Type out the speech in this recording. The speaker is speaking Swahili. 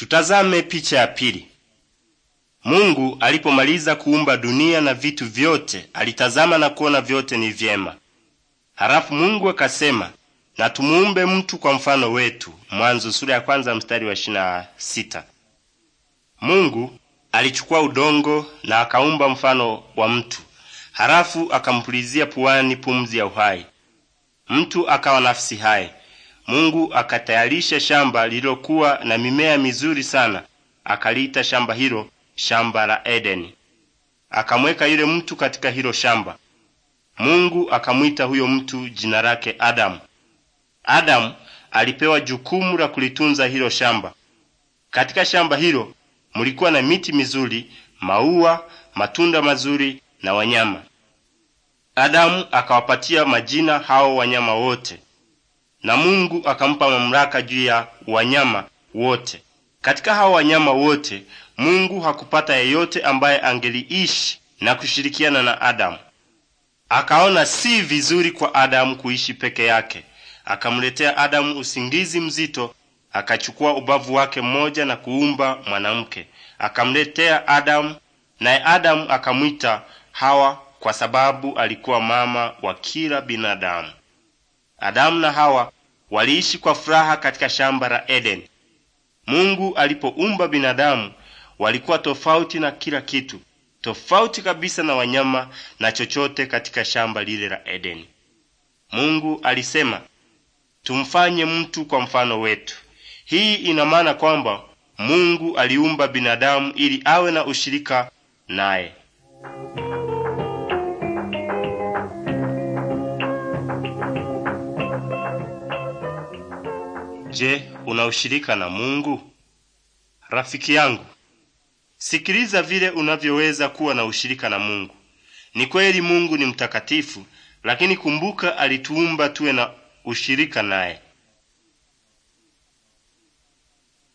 Tutazame picha ya pili. Mungu alipomaliza kuumba dunia na vitu vyote, alitazama na kuona vyote ni vyema. Halafu Mungu akasema, na tumuumbe mtu kwa mfano wetu. Mwanzo sura ya kwanza mstari wa ishirini na sita. Mungu alichukua udongo na akaumba mfano wa mtu, halafu akampulizia puani pumzi ya uhai. Mtu akawa nafsi hai. Mungu akatayarisha shamba lililokuwa na mimea mizuri sana, akaliita shamba hilo shamba la Edeni. Akamweka yule mtu katika hilo shamba. Mungu akamwita huyo mtu jina lake Adamu. Adamu alipewa jukumu la kulitunza hilo shamba. Katika shamba hilo mulikuwa na miti mizuri, maua, matunda mazuri na wanyama. Adamu akawapatia majina hao wanyama wote na Mungu akampa mamlaka juu ya wanyama wote. Katika hawa wanyama wote Mungu hakupata yeyote ambaye angeliishi na kushirikiana na Adamu. Akaona si vizuri kwa Adamu kuishi peke yake, akamletea Adamu usingizi mzito, akachukua ubavu wake mmoja na kuumba mwanamke, akamletea Adamu, naye Adamu akamwita Hawa kwa sababu alikuwa mama wa kila binadamu. Adamu na Hawa waliishi kwa furaha katika shamba la Edeni. Mungu alipoumba binadamu walikuwa tofauti na kila kitu, tofauti kabisa na wanyama na chochote katika shamba lile la Edeni. Mungu alisema, tumfanye mtu kwa mfano wetu. Hii ina maana kwamba Mungu aliumba binadamu ili awe na ushirika naye. Je, una ushirika na Mungu? Rafiki yangu, sikiliza vile unavyoweza kuwa na ushirika na Mungu. Ni kweli Mungu ni mtakatifu, lakini kumbuka alituumba tuwe na ushirika naye.